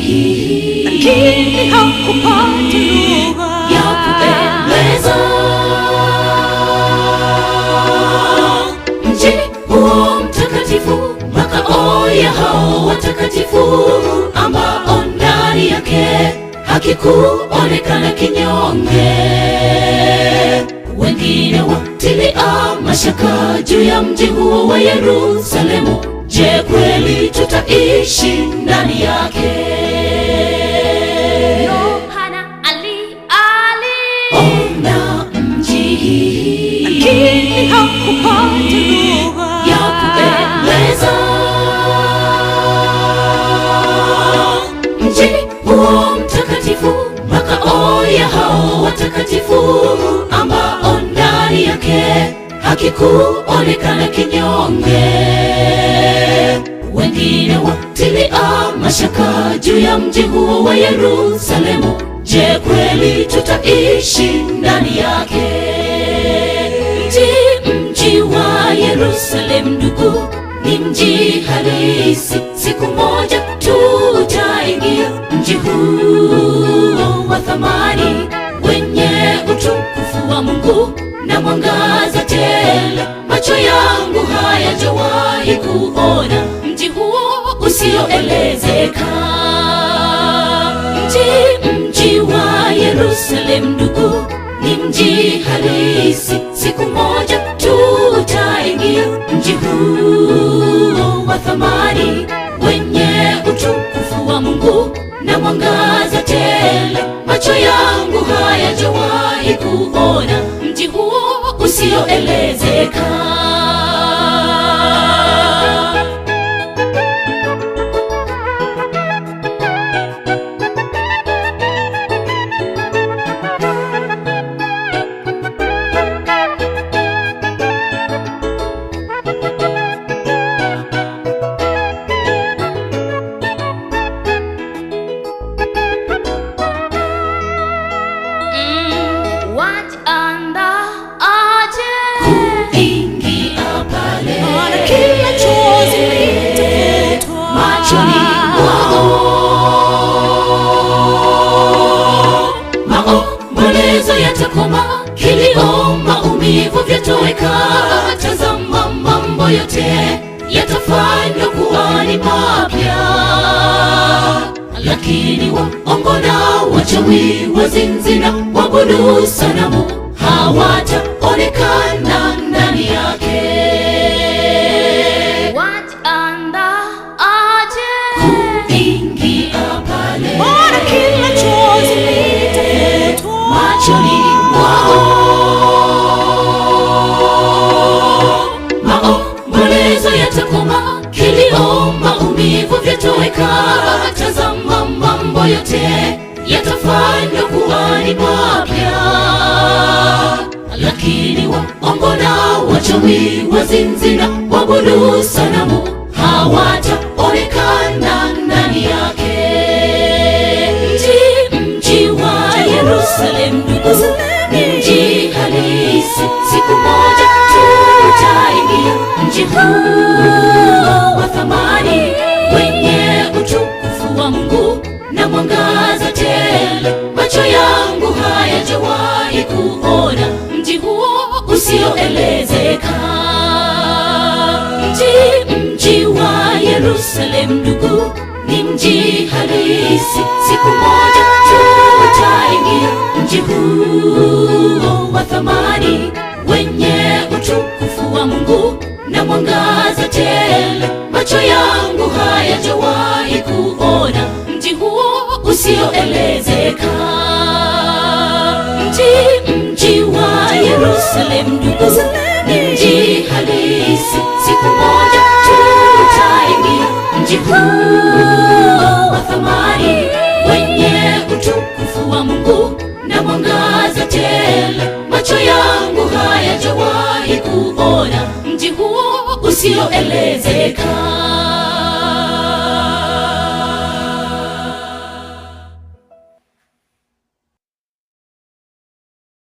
sahihi, lakini hakupata lugha ya kupendeza. Mji huo mtakatifu, makao ya hao watakatifu, ambao ndani yake hakikuonekana kinyonge. Wengine watilia mashaka juu ya mji huo wa Yerusalemu. Je, kweli tutaishi ndani yake? mtakatifu ambao ndani yake hakikuonekana kinyonge. Wengine watilia mashaka juu ya mji huo wa Yerusalemu. Je, kweli tutaishi ndani yake? Mji, mji wa Yerusalemu ndugu, ni mji halisi mwangaza tele, macho yangu hayajawahi kuona mji huo usioelezeka, mji mji wa Yerusalemu ndugu, ni mji halisi. Siku moja tu utaingia mji huo wa thamani wenye utukufu wa Mungu na mwangaza tele. mateso yatakoma, kilio maumivu vyatoweka. Tazama, mambo yote yatafanywa kuwa ni mapya. Lakini waongo na wachawi, wazinzi na waabudu sanamu hawataonekana ndani yake. machoni mwao. Maombolezo yatakoma, kilio, maumivu vyatoweka. Tazama, mambo yote yatafanywa kuwa ni mapya. Lakini waongo na wachawi, wazinzi na waabudu sanamu hawata Yerusalemu ndugu, mji halisi, siku moja tutaingia mji huu wa thamani wenye utukufu wa Mungu na mwangaza tele, macho yangu hayajawahi kuona mji huo usioelezeka, mji mji wa Yerusalemu ndugu, ni mji halisi, siku moja mji huo wa thamani wenye utukufu wa Mungu na mwangaza tele, macho yangu hayajawahi kuona mji huo usioelezeka, mji mji wa Yerusalem, ndugu, mji halisi. Siku moja tutaingia mji huo wa thamani wenye utukufu wa Mungu elezeka